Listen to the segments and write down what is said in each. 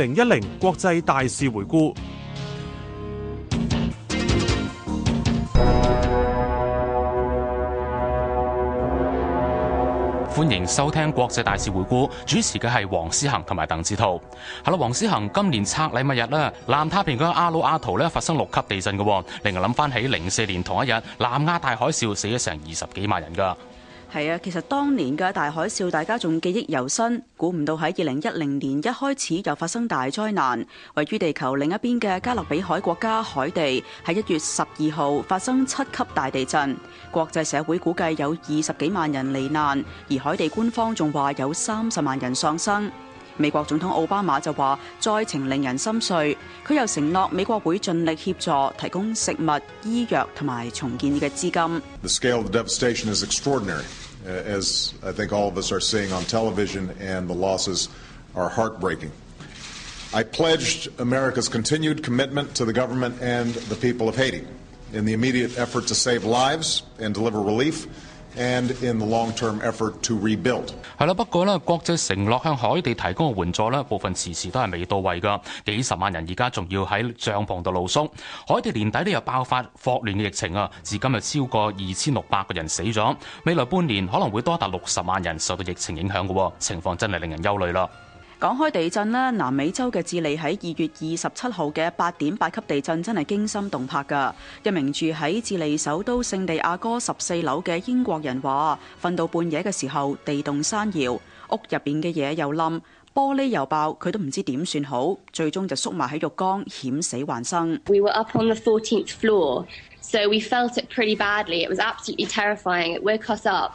零一零國際大事回顧，歡迎收聽國際大事回顧。主持嘅係黃思恒同埋鄧志濤。係啦，黃思恒今年拆禮物日啦？南太平洋阿魯阿圖咧，發生六級地震嘅，令我諗翻起零四年同一日南亞大海嘯，死咗成二十幾萬人噶。係啊，其實當年嘅大海嘯，大家仲記憶猶新。估唔到喺二零一零年一開始又發生大災難。位於地球另一邊嘅加勒比海國家海地喺一月十二號發生七級大地震，國際社會估計有二十幾萬人罹難，而海地官方仲話有三十萬人喪生。美國總統奧巴馬就話：災情令人心碎，佢又承諾美國會盡力協助提供食物、醫藥同埋重建嘅資金。And in the long-term effort to rebuild. 係啦，不過咧，國際承諾向海地提供嘅援助部分遲遲都係未到位噶，幾十萬人而家仲要喺帳篷度露宿。海地年底咧又爆發霍亂嘅疫情啊，至今有超過二千六百個人死咗，未來半年可能會多達六十萬人受到疫情影響嘅，情況真係令人憂慮啦。講開地震啦！南美洲嘅智利喺二月二十七號嘅八點八級地震真係驚心動魄㗎。一名住喺智利首都聖地亞哥十四樓嘅英國人話：「瞓到半夜嘅時候，地動山搖，屋入邊嘅嘢又冧，玻璃又爆，佢都唔知點算好，最終就縮埋喺浴缸險死還生。」We were up on the fourteenth floor，so we felt it pretty badly，it was absolutely terrifying，it woke us up。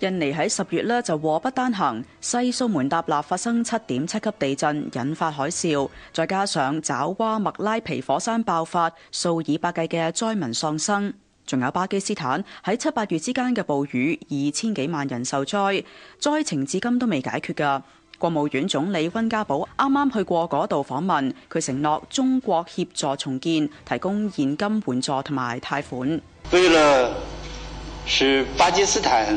印尼喺十月呢就禍不單行，西蘇門答臘發生七點七級地震，引發海嘯，再加上爪哇麥拉皮火山爆發，數以百計嘅災民喪生。仲有巴基斯坦喺七八月之間嘅暴雨，二千幾萬人受災，災情至今都未解決噶。國務院總理溫家寶啱啱去過嗰度訪問，佢承諾中國協助重建，提供現金援助同埋貸款。為了是巴基斯坦。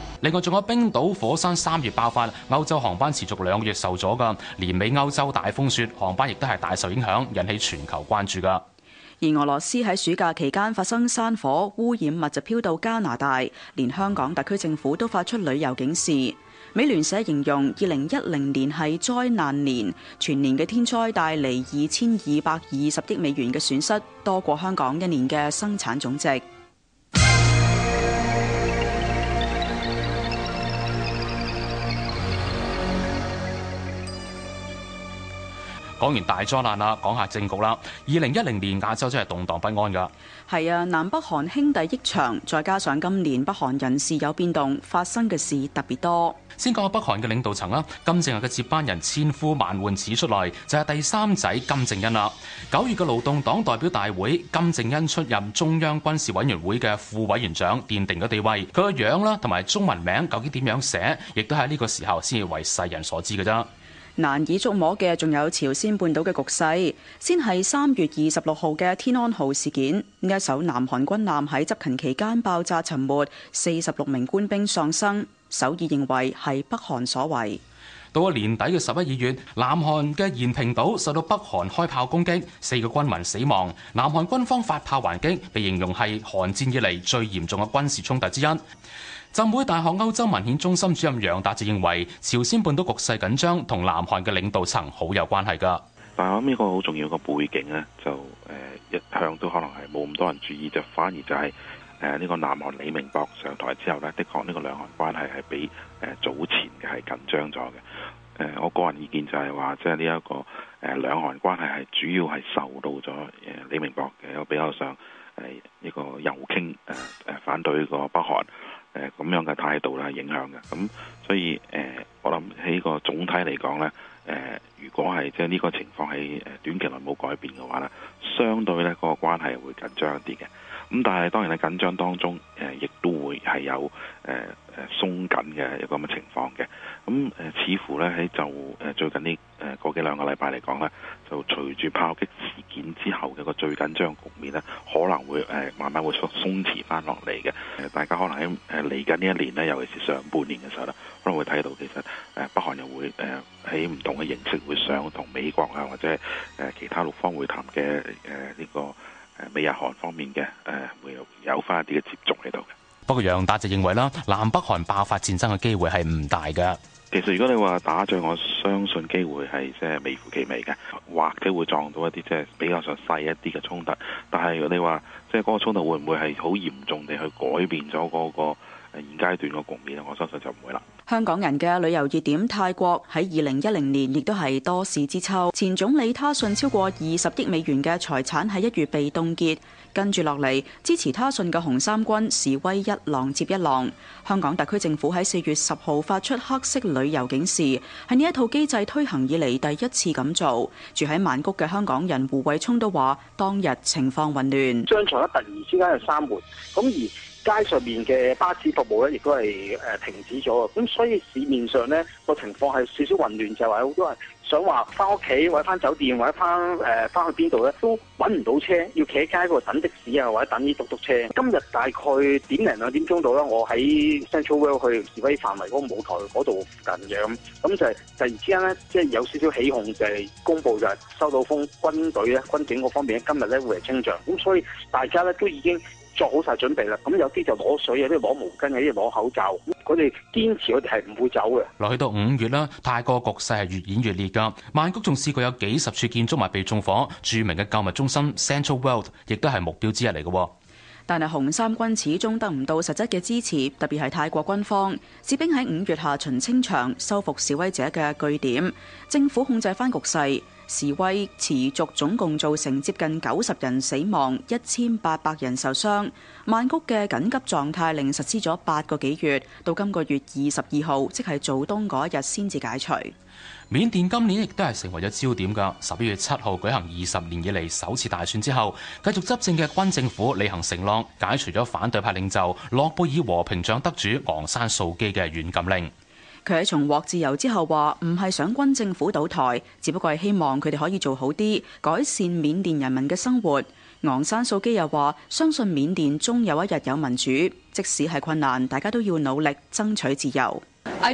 另外仲有冰島火山三月爆發，歐洲航班持續兩個月受阻噶。年尾歐洲大風雪，航班亦都係大受影響，引起全球關注噶。而俄羅斯喺暑假期間發生山火，污染物就飄到加拿大，連香港特區政府都發出旅遊警示。美聯社形容二零一零年係災難年，全年嘅天災帶嚟二千二百二十億美元嘅損失，多過香港一年嘅生產總值。講完大災難啦，講下政局啦。二零一零年亞洲真係動盪不安噶。係啊，南北韓兄弟鬩牆，再加上今年北韓人事有變動，發生嘅事特別多。先講下北韓嘅領導層啦，金正日嘅接班人千呼萬喚始出來，就係第三仔金正恩啦。九月嘅勞動黨代表大會，金正恩出任中央軍事委員會嘅副委員長，奠定咗地位。佢個樣啦，同埋中文名究竟點樣寫，亦都喺呢個時候先至為世人所知嘅啫。難以捉摸嘅仲有朝鮮半島嘅局勢，先係三月二十六號嘅天安號事件，一艘南韓軍艦喺執勤期間爆炸沉沒，四十六名官兵喪生，首爾認為係北韓所為。到咗年底嘅十一二月，南韓嘅延平島受到北韓開炮攻擊，四個軍民死亡，南韓軍方發炮還擊，被形容係韓戰以嚟最嚴重嘅軍事衝突之一。浸會大學歐洲文獻中心主任楊達志認為朝鮮，朝鮮半島局勢緊張同南韓嘅領導層好有關係噶。但係呢個好重要嘅背景呢，就誒一向都可能係冇咁多人注意，就反而就係誒呢個南韓李明博上台之後呢，的確呢個兩韓關係係比誒早前嘅係緊張咗嘅。誒，我個人意見就係話，即係呢一個誒兩韓關係係主要係受到咗誒李明博嘅，一個比較上誒呢個右傾誒誒反對呢個北韓。誒，咁樣嘅態度啦，影響嘅，咁所以，誒，我諗喺個總體嚟講呢，誒，如果係即係呢個情況係短期內冇改變嘅話呢，相對呢個關係會緊張一啲嘅。咁但係當然喺緊張當中，亦都會係有，誒。誒，鬆緊嘅一個咁嘅情況嘅，咁、呃、似乎呢，喺就誒最近呢誒嗰幾兩個禮拜嚟講呢就隨住炮擊事件之後嘅個最緊張局面咧，可能會誒、呃、慢慢會鬆鬆弛翻落嚟嘅。大家可能喺嚟緊呢一年咧，尤其是上半年嘅時候啦，可能會睇到其實誒、呃、北韓又會誒喺唔同嘅形式上會想同美國啊或者誒其他六方會談嘅誒呢個誒美日韓方面嘅誒、呃、會有有翻一啲嘅接觸喺度嘅。不過楊達就認為啦，南北韓爆發戰爭嘅機會係唔大嘅。其實如果你話打仗，我相信機會係即係微乎其微嘅，或者會撞到一啲即係比較上細一啲嘅衝突。但係你話即係嗰個衝突會唔會係好嚴重地去改變咗嗰、那個？現階段嘅局面，我相信就唔會啦。香港人嘅旅遊熱點泰國喺二零一零年亦都係多事之秋。前總理他信超過二十億美元嘅財產喺一月被凍結，跟住落嚟，支持他信嘅紅衫軍示威一浪接一浪。香港特區政府喺四月十號發出黑色旅遊警示，係呢一套機制推行以嚟第一次咁做。住喺曼谷嘅香港人胡偉聰都話當日情況混亂，商場一突然之間就閂門，咁而。街上面嘅巴士服務咧，亦都係誒停止咗。咁所以市面上咧個情況係少少混亂，就係好多人想話翻屋企，或者翻酒店，或者翻誒翻去邊度咧，都揾唔到車，要企喺街嗰度等的士啊，或者等啲嘟嘟車。今日大概點零兩點鐘度呢？我喺 Central World 去示威範圍嗰個舞台嗰度附近嘅咁，咁就突然之間咧，即係有少少起哄就，就係公佈就係收到風軍隊咧、軍警嗰方面咧，今日咧會嚟清場，咁所以大家咧都已經做好晒準備啦，咁有啲就攞水，有啲攞毛巾，有啲攞口罩，佢哋堅持佢哋係唔會走嘅。落去到五月啦，泰國局勢係越演越烈噶。曼谷仲試過有幾十處建築物被縱火，著名嘅購物中心 Central World 亦都係目標之一嚟嘅。但係紅三軍始終得唔到實質嘅支持，特別係泰國軍方，士兵喺五月下旬清場，收復示威者嘅據點，政府控制翻局勢。示威持續，總共造成接近九十人死亡、一千八百人受傷。曼谷嘅緊急狀態令實施咗八個幾月，到今個月二十二號，即係做冬嗰一日先至解除。緬甸今年亦都係成為咗焦點㗎。十一月七號舉行二十年以嚟首次大選之後，繼續執政嘅軍政府履行承諾，解除咗反對派領袖諾貝爾和平獎得主昂山素基嘅軟禁令。佢喺重獲自由之後話：唔係想軍政府倒台，只不過係希望佢哋可以做好啲，改善緬甸人民嘅生活。昂山素姬又話：相信緬甸終有一日有民主，即使係困難，大家都要努力爭取自由。I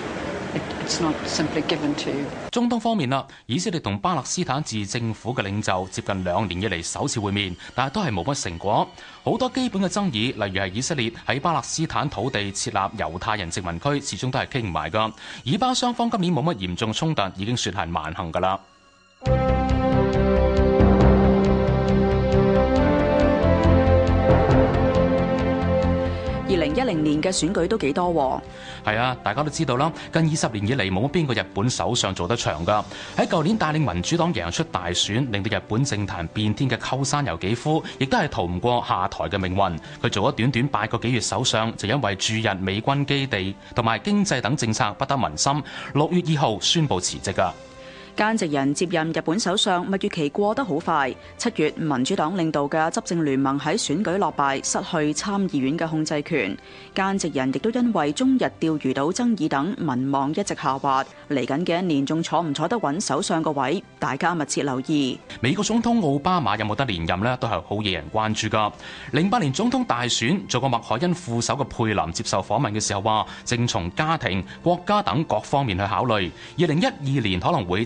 Given to 中東方面啦，以色列同巴勒斯坦自治政府嘅領袖接近兩年以嚟首次會面，但係都係冇乜成果。好多基本嘅爭議，例如係以色列喺巴勒斯坦土地設立猶太人殖民區，始終都係傾唔埋噶。以巴雙方今年冇乜嚴重衝突，已經算係萬幸噶啦。明年嘅選舉都幾多？係啊，大家都知道啦。近二十年以嚟冇邊個日本首相做得長㗎。喺舊年帶領民主黨贏出大選，令到日本政壇變天嘅鳩山由紀夫，亦都係逃唔過下台嘅命運。佢做咗短短八個幾月首相，就因為駐日美軍基地同埋經濟等政策不得民心，六月二號宣布辭職㗎。菅直人接任日本首相，蜜月期過得好快。七月，民主黨領導嘅執政聯盟喺選舉落敗，失去參議院嘅控制權。菅直人亦都因為中日釣魚島爭議等民望一直下滑，嚟緊嘅一年仲坐唔坐得穩首相個位，大家密切留意。美國總統奧巴馬有冇得連任呢？都係好惹人關注噶。零八年總統大選，做過麥凱恩副手嘅佩林接受訪問嘅時候話，正從家庭、國家等各方面去考慮。二零一二年可能會。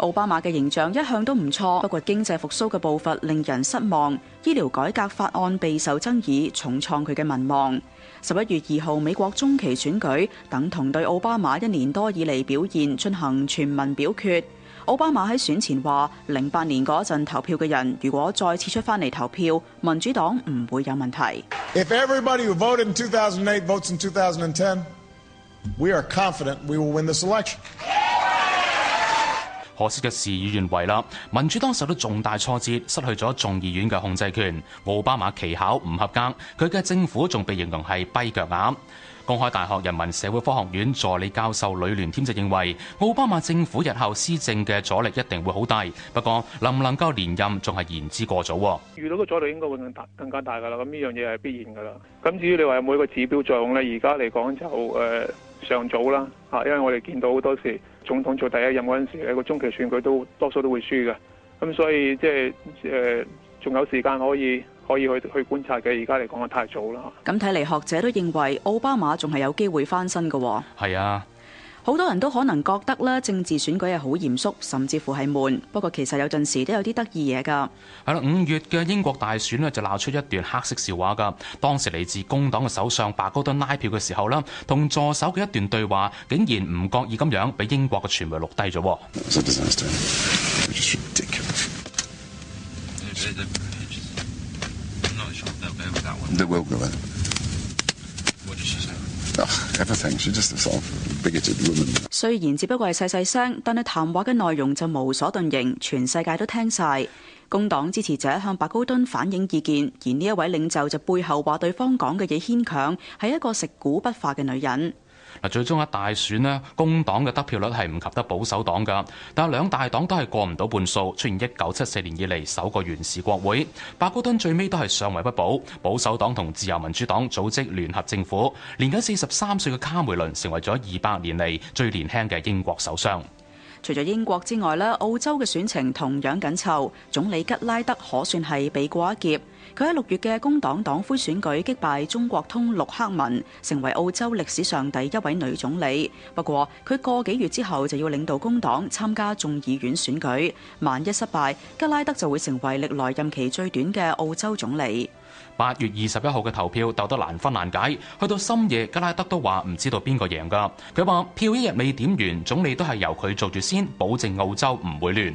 奧巴馬嘅形象一向都唔錯，不過經濟復蘇嘅步伐令人失望，醫療改革法案備受爭議，重創佢嘅民望。十一月二號，美國中期選舉等同對奧巴馬一年多以嚟表現進行全民表決。奧巴馬喺選前話：零八年嗰陣投票嘅人，如果再次出返嚟投票，民主黨唔會有問題。If everybody who voted in 2008 votes in 2010, we are confident we will win this election. 可惜嘅事與願違啦，民主黨受到重大挫折，失去咗眾議院嘅控制權。奧巴馬期考唔合格，佢嘅政府仲被形容係跛腳鴨。公開大學人民社會科學院助理教授呂連添就認為，奧巴馬政府日後施政嘅阻力一定會好大，不過能唔能夠連任仲係言之過早。遇到嘅阻力應該會更大，更加大噶啦。咁呢樣嘢係必然噶啦。咁至於你話有冇一個指標作用咧而家嚟講就誒尚、呃、早啦。吓，因為我哋見到好多時。總統做第一任嗰陣時，一個中期選舉都多數都會輸嘅，咁所以即係誒仲有時間可以可以去去觀察嘅，而家嚟講就太早啦。咁睇嚟，學者都認為奧巴馬仲係有機會翻身嘅。係啊。好多人都可能覺得咧，政治選舉係好嚴肅，甚至乎係悶。不過其實有陣時都有啲得意嘢㗎。係啦，五月嘅英國大選咧就鬧出一段黑色笑話㗎。當時嚟自工黨嘅首相白高敦拉票嘅時候啦，同助手嘅一段對話，竟然唔覺意咁樣俾英國嘅傳媒錄低咗。雖然只不過係細細聲，但係談話嘅內容就無所遁形，全世界都聽晒。工黨支持者向白高敦反映意見，而呢一位領袖就背後話對方講嘅嘢牽強，係一個食古不化嘅女人。最終一大選呢，工黨嘅得票率係唔及得保守黨嘅，但兩兩大黨都係過唔到半數，出現一九七四年以嚟首個原始國會。白高敦最尾都係上位不保，保守黨同自由民主黨組織聯合政府。年僅四十三歲嘅卡梅倫成為咗二百年嚟最年輕嘅英國首相。除咗英國之外咧，澳洲嘅選情同樣緊湊。總理吉拉德可算係避過一劫，佢喺六月嘅工黨黨魁選舉擊敗中國通陸克文，成為澳洲歷史上第一位女總理。不過，佢個幾月之後就要領導工黨參加眾議院選舉，萬一失敗，吉拉德就會成為歷來任期最短嘅澳洲總理。八月二十一號嘅投票鬥得難分難解，去到深夜，加拉德都話唔知道邊個贏㗎。佢話票一日未點完，總理都係由佢做住先，保證澳洲唔會亂。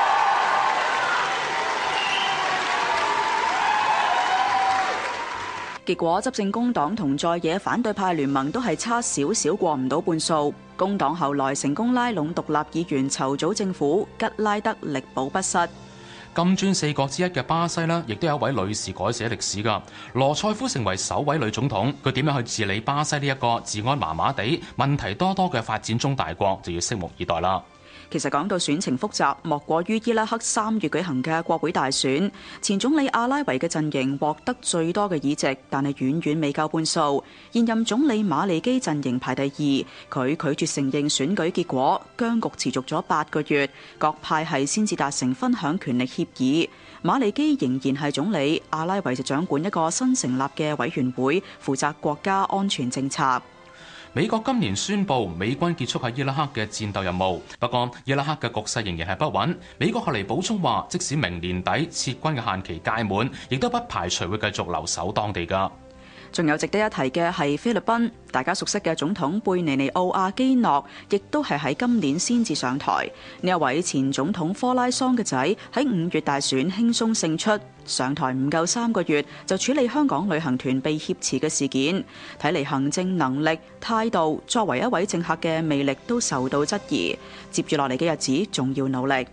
結果執政工黨同在野反對派聯盟都係差少少過唔到半數，工黨後來成功拉攏獨立議員籌組政府，吉拉德力保不失。金磚四國之一嘅巴西呢，亦都有一位女士改寫歷史噶羅塞夫成為首位女總統。佢點樣去治理巴西呢，這一個治安麻麻地，問題多多嘅發展中大國，就要拭目以待啦。其實講到選情複雜，莫過於伊拉克三月舉行嘅國會大選。前總理阿拉維嘅陣營獲得最多嘅議席，但係遠遠未夠半數。現任總理馬利基陣營排第二，佢拒絕承認選舉結果，僵局持續咗八個月，各派系先至達成分享權力協議。馬利基仍然係總理，阿拉維就掌管一個新成立嘅委員會，負責國家安全政策。美國今年宣布美軍結束喺伊拉克嘅戰鬥任務，不過伊拉克嘅局勢仍然係不穩。美國後嚟補充話，即使明年底撤軍嘅限期屆滿，亦都不排除會繼續留守當地㗎。仲有值得一提嘅係菲律賓，大家熟悉嘅總統貝尼尼奧·阿基諾，亦都係喺今年先至上台。呢一位前總統科拉桑嘅仔喺五月大選輕鬆勝出。上台唔夠三個月就處理香港旅行團被挾持嘅事件，睇嚟行政能力、態度，作為一位政客嘅魅力都受到質疑。接住落嚟嘅日子，仲要努力。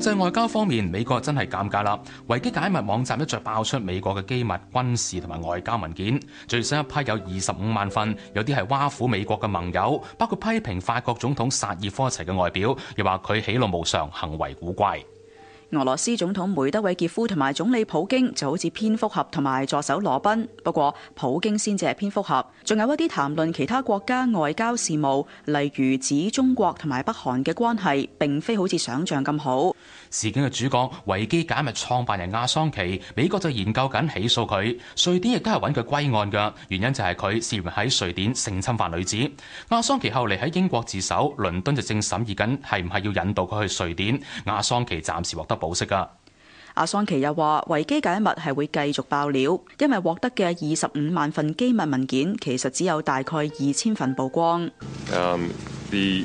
在外交方面，美國真係尷尬啦。維基解密網站一再爆出美國嘅機密、軍事同埋外交文件，最新一批有二十五萬份，有啲係挖苦美國嘅盟友，包括批評法國總統薩爾科齊嘅外表，又話佢喜怒無常，行為古怪。俄羅斯總統梅德韋傑夫同埋總理普京就好似蝙蝠俠同埋助手羅賓，不過普京先至係蝙蝠俠，仲有一啲談論其他國家外交事務，例如指中國同埋北韓嘅關係並非好似想像咁好。事件嘅主角維基解密創辦人阿桑奇，美國就研究緊起訴佢，瑞典亦都係揾佢歸案嘅，原因就係佢涉嫌喺瑞典性侵犯女子。阿桑奇後嚟喺英國自首，倫敦就正審議緊係唔係要引渡佢去瑞典。阿桑奇暫時獲得保釋噶。阿桑奇又話維基解密係會繼續爆料，因為獲得嘅二十五萬份機密文件，其實只有大概二千份曝光。Um, the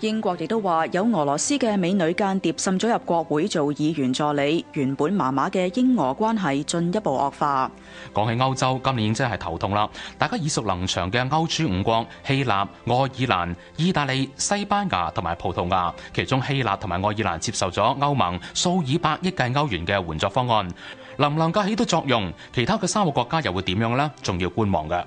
英國亦都話有俄羅斯嘅美女間諜滲咗入國會做議員助理，原本麻麻嘅英俄關係進一步惡化。講起歐洲，今年真係頭痛啦！大家耳熟能詳嘅歐豬五國希臘、愛爾蘭、意大利、西班牙同埋葡萄牙，其中希臘同埋愛爾蘭接受咗歐盟數以百億計歐元嘅援助方案，能唔能夠起到作用？其他嘅三個國家又會點樣呢？仲要觀望嘅。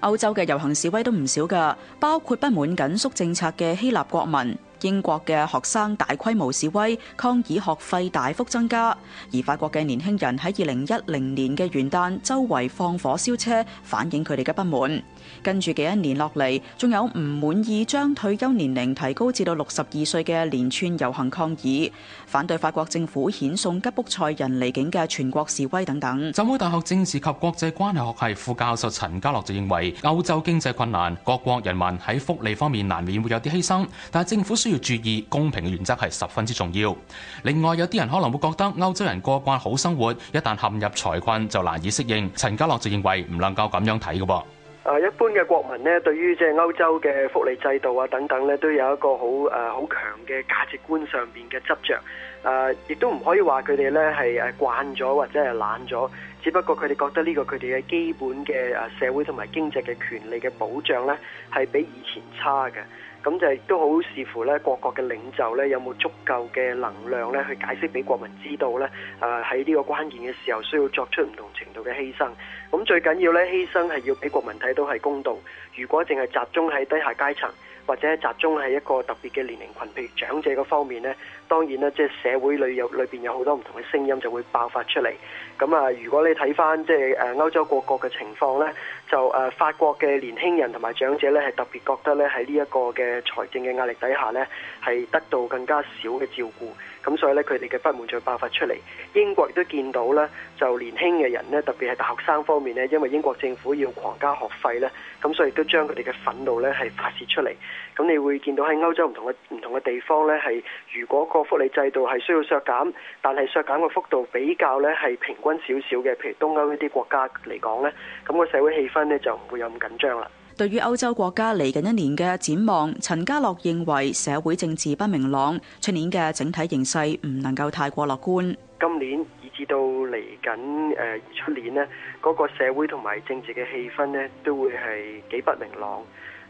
歐洲嘅遊行示威都唔少㗎，包括不滿緊縮政策嘅希臘國民。英國嘅學生大規模示威抗議學費大幅增加，而法國嘅年輕人喺二零一零年嘅元旦周圍放火燒車，反映佢哋嘅不滿。跟住幾一年落嚟，仲有唔滿意將退休年齡提高至到六十二歲嘅連串遊行抗議，反對法國政府遣送吉卜賽人離境嘅全國示威等等。浸會大學政治及國際關係學系副教授陳家洛就認為，歐洲經濟困難，各國人民喺福利方面難免會有啲犧牲，但政府選，要注意公平嘅原則係十分之重要。另外有啲人可能會覺得歐洲人過慣好生活，一旦陷入財困就難以適應。陳家洛就認為唔能夠咁樣睇嘅噃。誒，一般嘅國民呢，對於即係歐洲嘅福利制度啊等等呢，都有一個好誒好強嘅價值觀上邊嘅執着。誒，亦都唔可以話佢哋呢係誒慣咗或者係懶咗，只不過佢哋覺得呢個佢哋嘅基本嘅誒社會同埋經濟嘅權利嘅保障呢，係比以前差嘅。咁就都好視乎咧，各國嘅領袖咧有冇足夠嘅能量咧，去解釋俾國民知道咧。誒喺呢個關鍵嘅時候，需要作出唔同程度嘅犧牲。咁最緊要咧，犧牲係要俾國民睇到係公道。如果淨係集中喺低下階層，或者集中喺一個特別嘅年齡群，譬如長者嗰方面咧。當然啦，即係社會裏有裏邊有好多唔同嘅聲音，就會爆發出嚟。咁啊，如果你睇翻即係誒歐洲各國嘅情況呢，就誒、啊、法國嘅年輕人同埋長者呢，係特別覺得呢喺呢一個嘅財政嘅壓力底下呢，係得到更加少嘅照顧。咁所以呢，佢哋嘅不滿再爆發出嚟。英國亦都見到呢，就年輕嘅人呢，特別係大學生方面呢，因為英國政府要狂加學費呢，咁所以都將佢哋嘅憤怒呢係發泄出嚟。咁你會見到喺歐洲唔同嘅唔同嘅地方呢，係，如果福利制度係需要削減，但係削減嘅幅度比較咧係平均少少嘅。譬如東歐呢啲國家嚟講咧，咁個社會氣氛咧就唔會有咁緊張啦。對於歐洲國家嚟緊一年嘅展望，陳家洛認為社會政治不明朗，出年嘅整體形勢唔能夠太過樂觀。年樂年樂觀今年以至到嚟緊誒出年呢，嗰個社會同埋政治嘅氣氛呢都會係幾不明朗。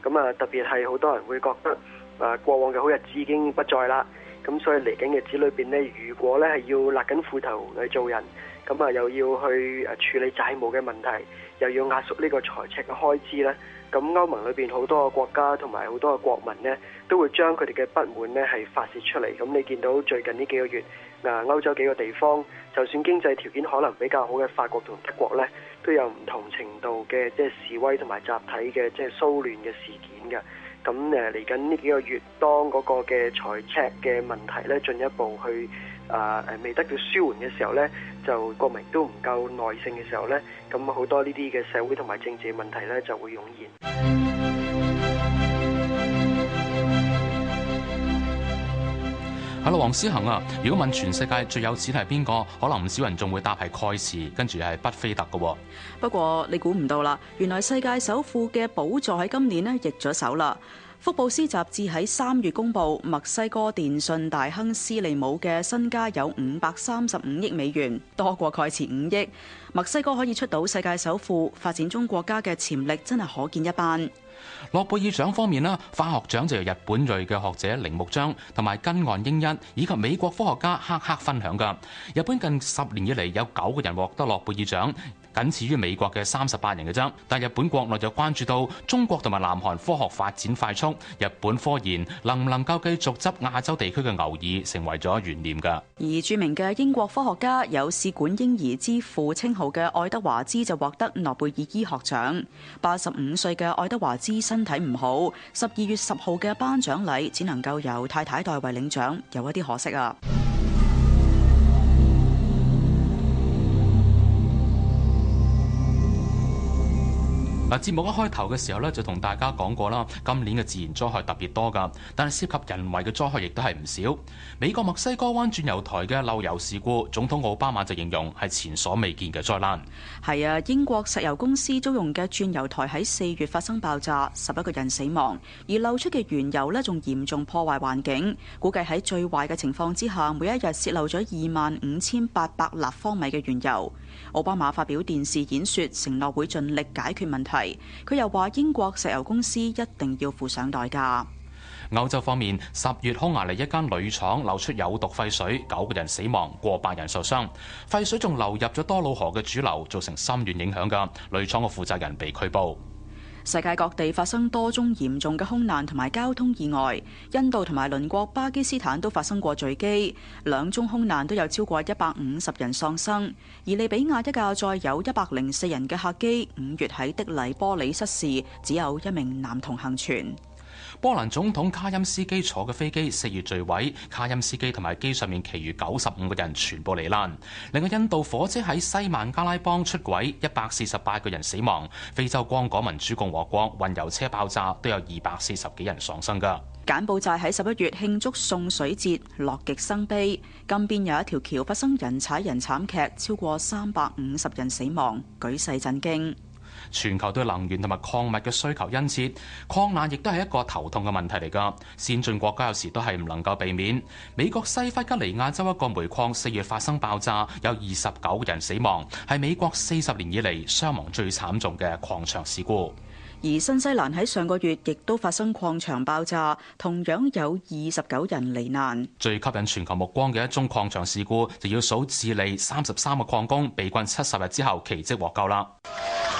咁啊，特別係好多人會覺得誒過往嘅好日子已經不再啦。咁所以嚟緊嘅日子裏邊咧，如果咧係要勒緊褲頭去做人，咁啊又要去誒處理債務嘅問題，又要壓縮呢個財赤嘅開支咧，咁歐盟裏邊好多嘅國家同埋好多嘅國民咧，都會將佢哋嘅不滿咧係發洩出嚟。咁你見到最近呢幾個月嗱、呃，歐洲幾個地方，就算經濟條件可能比較好嘅法國同德國咧，都有唔同程度嘅即係示威同埋集體嘅即係騷亂嘅事件嘅。咁嚟緊呢幾個月，當嗰個嘅財赤嘅問題咧進一步去、呃、未得到舒緩嘅時候咧，就國民都唔夠耐性嘅時候咧，咁好多呢啲嘅社會同埋政治問題咧就會湧現。係啦，黃思恒啊，如果問全世界最有錢係邊個，可能唔少人仲會答係蓋茨，跟住係不菲特㗎。不過你估唔到啦，原來世界首富嘅寶座喺今年呢易咗手啦。福布斯雜誌喺三月公布，墨西哥電信大亨斯利姆嘅身家有五百三十五億美元，多過蓋茨五億。墨西哥可以出到世界首富，發展中國家嘅潛力真係可見一斑。諾貝爾獎方面啦，化學獎就由日本裔嘅學者鈴木章同埋根岸英一以及美國科學家黑克分享噶。日本近十年以嚟有九個人獲得諾貝爾獎。僅次於美國嘅三十八人嘅啫，但日本國內就關注到中國同埋南韓科學發展快速，日本科研能唔能夠繼續執亞洲地區嘅牛耳，成為咗懸念㗎。而著名嘅英國科學家有試管嬰兒之父稱號嘅愛德華茲就獲得諾貝爾醫學獎。八十五歲嘅愛德華茲身體唔好，十二月十號嘅頒獎禮只能夠由太太代為領獎，有一啲可惜啊。嗱，節目一開頭嘅時候咧，就同大家講過啦，今年嘅自然災害特別多㗎，但係涉及人為嘅災害亦都係唔少。美國墨西哥灣轉油台嘅漏油事故，總統奧巴馬就形容係前所未見嘅災難。係啊，英國石油公司租用嘅轉油台喺四月發生爆炸，十一個人死亡，而漏出嘅原油呢，仲嚴重破壞環境，估計喺最壞嘅情況之下，每一日洩漏咗二萬五千八百立方米嘅原油。奧巴馬發表電視演說，承諾會盡力解決問題。佢又話英國石油公司一定要負上代價。歐洲方面，十月匈牙利一間鋁廠流出有毒廢水，九個人死亡，過百人受傷。廢水仲流入咗多瑙河嘅主流，造成深遠影響。噶鋁廠嘅負責人被拘捕。世界各地發生多宗嚴重嘅空難同埋交通意外，印度同埋鄰國巴基斯坦都發生過墜機，兩宗空難都有超過一百五十人喪生。而利比亞一架載有一百零四人嘅客機，五月喺的黎波里失事，只有一名男童幸存。波蘭總統卡欽斯基坐嘅飛機四月墜毀，卡欽斯基同埋機上面其餘九十五個人全部罹難。另外，印度火車喺西孟加拉邦出軌，一百四十八個人死亡。非洲剛果民主共和國運油車爆炸，都有二百四十幾人喪生噶。柬埔寨喺十一月慶祝送水節，樂極生悲，金邊有一條橋發生人踩人慘劇，超過三百五十人死亡，舉世震驚。全球對能源同埋礦物嘅需求殷切，礦難亦都係一個頭痛嘅問題嚟㗎。先進國家有時都係唔能夠避免。美國西弗吉尼亞州一個煤礦四月發生爆炸，有二十九人死亡，係美國四十年以嚟傷亡最慘重嘅礦場事故。而新西蘭喺上個月亦都發生礦場爆炸，同樣有二十九人罹難。最吸引全球目光嘅一宗礦場事故，就要數智利三十三個礦工被困七十日之後奇蹟獲夠了，奇蹟獲救啦。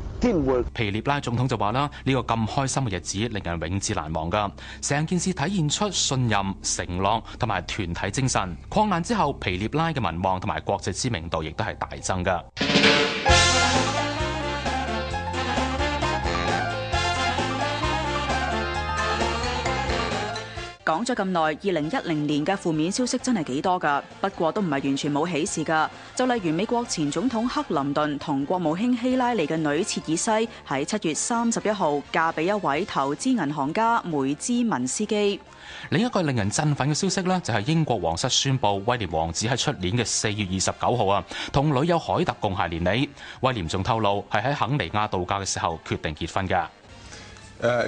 皮涅拉總統就話啦：呢個咁開心嘅日子令人永誌難忘㗎。成件事體現出信任、承諾同埋團體精神。礦難之後，皮涅拉嘅民望同埋國際知名度亦都係大增㗎。講咗咁耐，二零一零年嘅負面消息真係幾多噶，不過都唔係完全冇喜事噶。就例如美國前總統克林頓同國務卿希拉里嘅女切爾西喺七月三十一號嫁俾一位投資銀行家梅茲文斯基。另一個令人振奮嘅消息呢，就係英國皇室宣布威廉王子喺出年嘅四月二十九號啊，同女友凱特共諧連理。威廉仲透露係喺肯尼亞度假嘅時候決定結婚噶。Uh,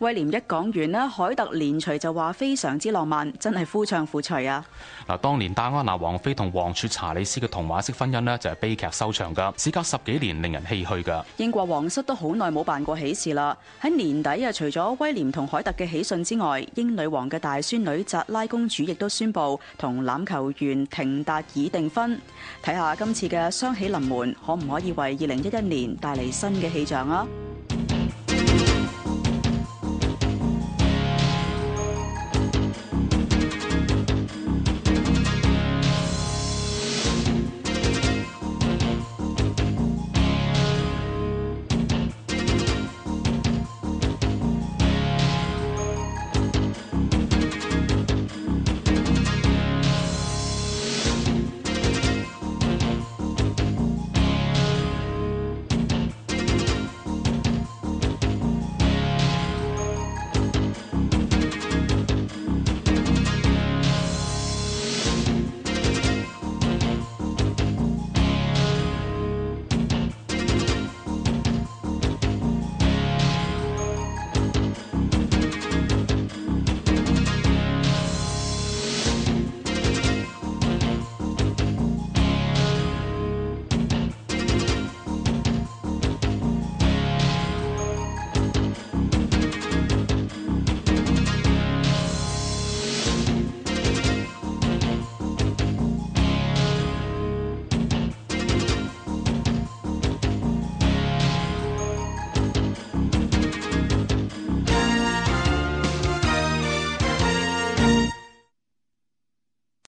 威廉一講完咧，凱特連隨就話非常之浪漫，真係夫唱婦隨啊！嗱，當年戴安娜王妃同王儲查理斯嘅童話式婚姻呢，就係悲劇收場噶，事隔十幾年令人唏噓噶。英國皇室都好耐冇辦過喜事啦。喺年底啊，除咗威廉同凱特嘅喜訊之外，英女王嘅大孫女扎拉公主亦都宣布同欖球員廷達爾訂婚。睇下今次嘅雙喜臨門，可唔可以為二零一一年帶嚟新嘅氣象啊？